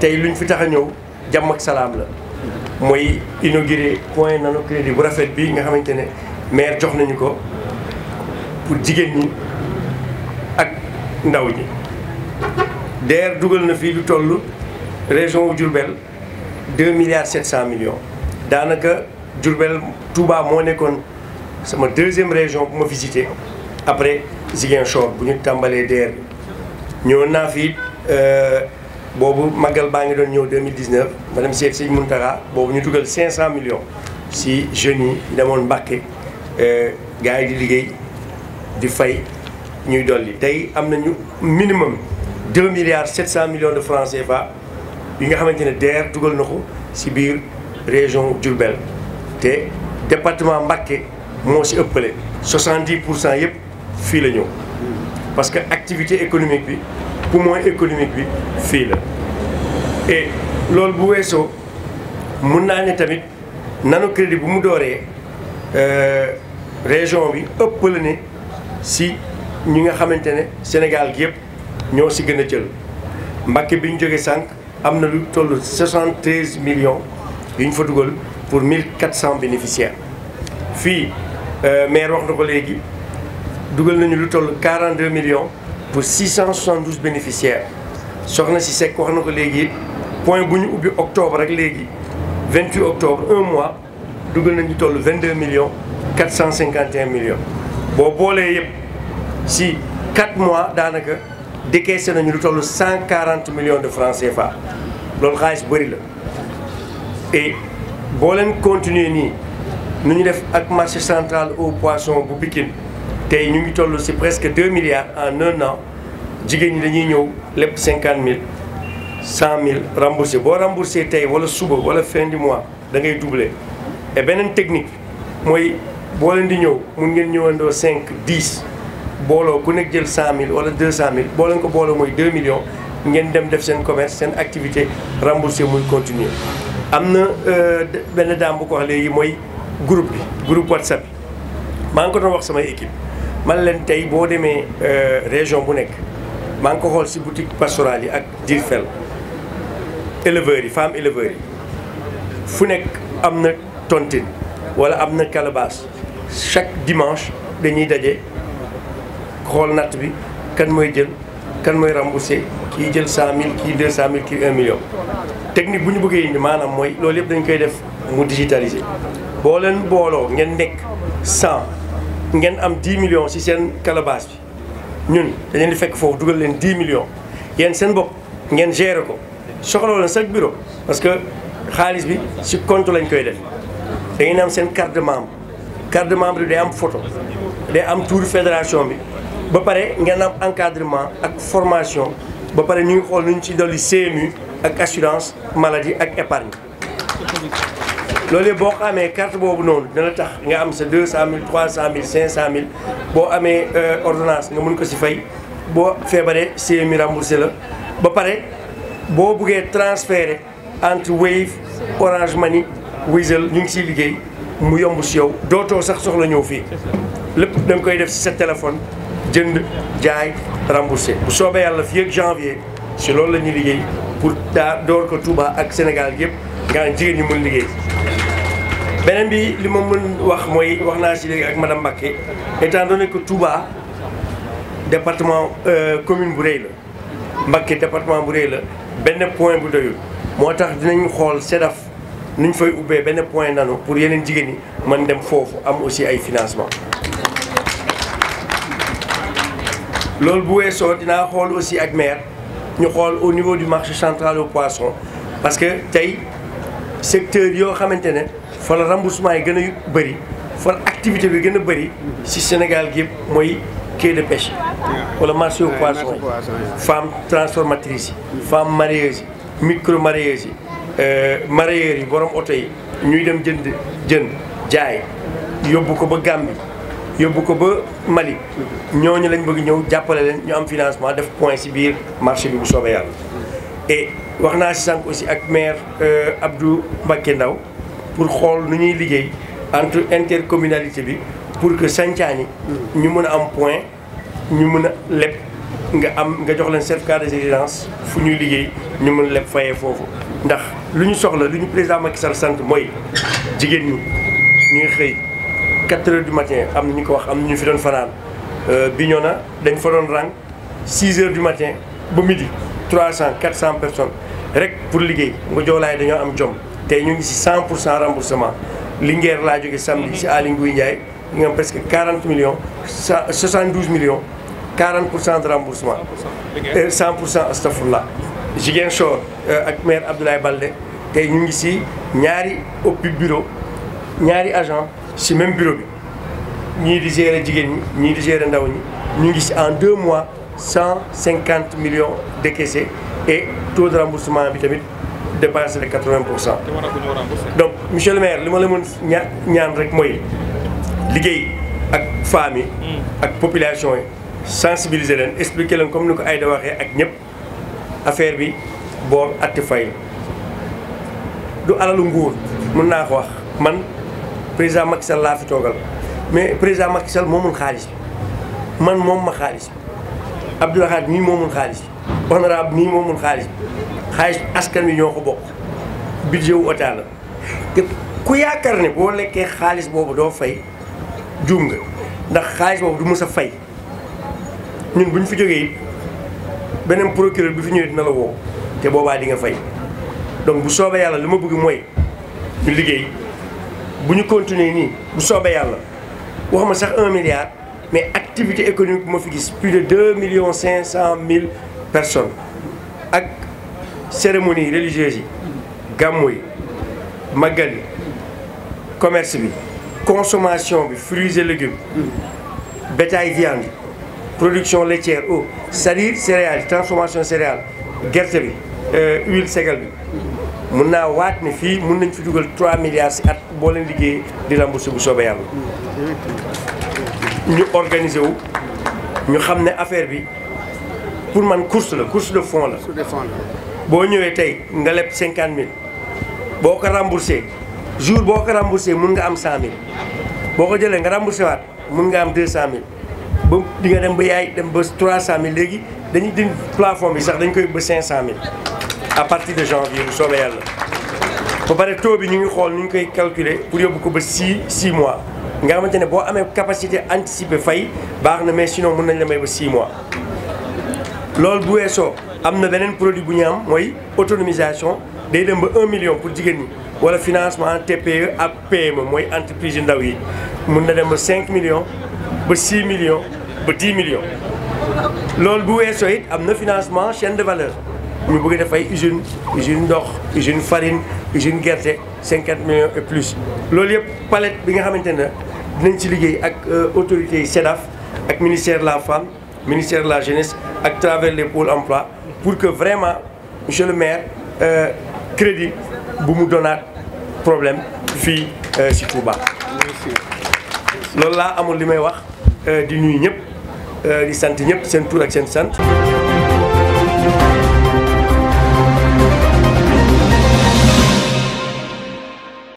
tey ñu fi tax a ñëw jàmm ak salaam la mooy inauguré point nano crédit bu rafet bi nga xamante ne maire jox nañu ko pour jigéen ñi ak ndaw ñi DER dugal na fii lu toll région wu Diourbel deux milliards sept cent millions daanaka Diourbel Touba moo nekkoon sama deuxième région bu ma visité après Ziguinchor bu ñu tàmbalee DER bi ñëwoon naa fii euh, boobu màggal baa ngi doon ñëw 2019 ma dem Cheikh Sëñ Mountakha boobu ñu dugal 500 millions si jeunes yi ñu demoon Mbàkke euh, gars yi di liggéey di fay ñuy dolli tey am nañu minimum 2 milliards 700 millions de francs CFA yi nga xamante ne DER dugal na ko si biir région Diourbel te département Mbàkke moo si ëppale 70 pour cent yëpp fii la ñëw parce que activité économique bi poumon économique bi fii la et loolu bu weesoo mun naa ne tamit nanu crédit bu mu dooree euh, région bi ëpp la ne si ñi nga xamante ne Sénégal gi yëpp ñoo si gën a jël Mbàkke bi ñu jógee sànq am na lu toll 73 millions yu ñu fa dugal pour mill cent bénéficiaires fii euh, maire wax na ko léegi dugal nañu lu toll 42 millions pour 672 bénéficiaires soxna si Seck wax na ko léegi point bu ñu ubbi octobre rek léegi 28 octobre un mois dugal nañu toll 22 millions 451 millions. boo boolee yëpp si 4 mois daanaka décaissé nañu lu toll 140 millions de francs CFA loolu xaalis bëri la et boo leen continuer nii nu ñu def ak marché central au poisson bu bikin tey ñu ngi tollu si presque 2 milliards en un an jigéen ñi dañuy ñëw lépp 50 000 100 000 remboursé boo remboursé tey wala suba wala fin du mois da ngay doublé. beneen technique mooy boo leen di ñëw mun ngeen ñëwandoo 5 10 booloo ku nekk jël 100 000 wala 200 000 boo leen ko booloo mooy 2 millions ngeen dem def seen commerce seen activité remboursé muy continuer. am na euh, benn daam bu ko wax léegi mooy groupe bi groupe WhatsApp bi maa ngi ko doon wax samay équipe. man leen tey boo demee euh, région bu nekk maa ngi ko xool si boutique pastorale yi ak Djirfel éleveurs yi femmes éleveurs yi fu nekk am na tontine wala am na calebasse chaque dimanche dañuy daje xool natt bi kan mooy jël kan mooy remboursé kii jël 100000 kii 200000 kii 1 million. technique bu ñu buggee indi maanaam mooy loolu yëpp dañ koy def mu digitalisé boo leen booloo ngeen nekk 100. ngeen am dix millions ci seen calebasse bi ñun dañ di fekk foofu dugal leen dix millions yéen seen bopp ngeen gérer ko soxla leen chaque bureau parce que xaalis bi ci compte lañ koy def da ngeen am seen carte de membre carte membre bi day am photo day am tour fédération bi ba pare ngeen am encadrement ak formation ba pare ñu ngi xool nu ñu ci dolli CMU ak assurance maladie ak épargne loolu yëpp boo ko amee carte boobu noonu dana tax nga am sa mil 200000 300000 500000 boo amee euh, ordonnance nga mun ko si fay boo feebaree CMU remboursé la ba pare boo buggee transféré entre Wave Orange mani Wizall ñu ngi siy liggéey mu yomb si yow dootoo sax soxla ñëw fii lépp da koy def si sa téléphone jënd jaay remboursé bu soobee yàlla fii ak janvier si loolu la ñuy liggéey pour daa door ko Touba ak Sénégal yëpp nga jigéen ñu mun liggéey beneen bi li ma mën wax mooy wax naa si léegi ak madame Mbacké étant ne que Touba département euh, commune bu rëy la Mbacké département bu rëy la benn point bu doyul moo tax dinañ xool SEDAF nuñ fay ubbee benn point nanu pour yeneen jigéen ñi mën dem foofu am aussi ay financement loolu bu weesoo dinaa xool aussi ak maire ñu xool au niveau du marché central au poisson parce que tey secteur yoo xamante ne fa la remboursement yi gën a bëri fa activité bi gën a bëri si Sénégal gi mooy quai de pêche wala marché aux poissons yi femmes transformatrices yi femmes mareyeuses yi micro mareyeuses yi euh, mareyeurs yi borom oto yi ñuy dem jënd jën jaay yóbbu ko ba Gambie yóbbu ko ba Mali ñooñu lañ bëgg ñëw jàppale leen ñu am financement def point si biir marché bi bu soobee yàlla et wax naa si sànq aussi ak maire euh, Abdou Mbacké Ndaw pour xool nu ñuy liggéey entre intercommunalité bi pour que sàncaani ñu mën a am point ñu mën a leb nga am nga jox leen certificat de résidence fu ñuy liggéey ñu mën a leb fayee foofu ndax lu ñu soxla lu ñu président Macky Sall sant mooy jigéen ñi ñuy xëy 4 heures du matin am na ñu ko wax am na ñu fi doon fanaan euh, bi ñoo na dañ fa doon rang 6 heures du matin ba midi 300 400 personnes rek pour liggéey nga jox laay dañoo am jom tey ñu ngi si 100 pour cent remboursement Linguère laa jóge samedi si mhm. Aly Ngouille Ndiaye ñu am presque 40 millions 72 millions 40 pour cent de remboursement 100 pour cent euh, astafurlah Ziguinchor euh, ak maire Abdoulaye Balde tey ñu ngi si ñaari ëppi bureau ñaari agent si même bureau bi ñii di gérer jigéen ñi ñii di gérer ndaw ñi ñu ngi si en deux mois 150 millions décaissés et taux de remboursement bi tamit dépassé les quatre vingt pour cent. donc monsieur le maire li ma la mën ña ñaan rek mooy liggéey ak femmes yi. Mm. ak population yi sensibiliser leen expliquer leen comme ni ko Aïda waxee ak ñëpp affaire bi boor atti fay du alalu nguur mën naa ko wax man président Macky Sall laa fi toogal mais président Macky Sall moomul xaalis man moom ma xaalis Abdoulaye Khare nii moomul xaalis honorable nii moomul xaalis. xaalis askan wi ñoo ko bokk budget wu État la te ku yaakaar ne boo lekkee xaalis boobu doo fay juum nga ndax xaalis boobu du mës a fay ñun bu ñu fi jógee beneen procureur bi fi ñëwee dina la woo te boobaa di nga fay donc bu soobee yàlla li ma bëgg mooy ñu liggéey bu ñu continuer nii bu soobee yàlla wax ma sax un milliard mais activité économique bu ma fi gis plus de deux millions cinq cent mille personnes ak. cérémonie religieuse yi gàmmu yi màggal yi commerce bi consommation bi fruits et légumes bétail viande production laitière o c'est-à-dire céréales transformation céréales gerte bi euh, huile segal bi mun naa waat ne fii mun nañ fi dugal 3 milliards si at boo leen liggéey di rembourser bu soobee yàlla ñu organiser ñu xam ne affaire bi pour man course la course de fond la. boo ñëwee tey nga leb cinquante mille boo ko remboursé jour boo ko remboursé mun nga am cent mille boo ko jëlee nga remboursé waat mun nga am deux cent mille ba di nga dem ba yaay dem ba trois cent mille léegi dañuy din plafond bi sax dañ koy ba cinq cent mil à partir de janvier bu soobee yàlla. ba pare taux bi ñu ngi xool nu ñu koy calculer pour yóbbu ko ba six six mois nga xamante ne boo amee capacité anticiper fay baax na mais sinon mun nañ la may ba six mois. loolu bu weesoo am na beneen produit bu ñu am mooy autonomisation day dem ba un million pour jigéen ñi wala financement TPE ak PME mooy entreprise yu ndaw yi mun na dem ba 5 millions ba 6 millions ba 10 millions. loolu bu weesoo it am na financement chaîne de valeur ñu bëgg def ay usine usine ndox usine farine usine gerte 50 millions et plus loolu yëpp palette bi nga xamante ne dinañ ci liggéey ak euh, autorités yi SEDAF ak ministère la femme. ministère de la jeunesse ak travers les pôles emploi pour que vraiment monsieur le maire euh, crédit bu mu donaat problème fii euh, si Touba. loolu laa amul li may wax euh, di nuyu ñëpp di sant ñëpp seen tur ak seen sant.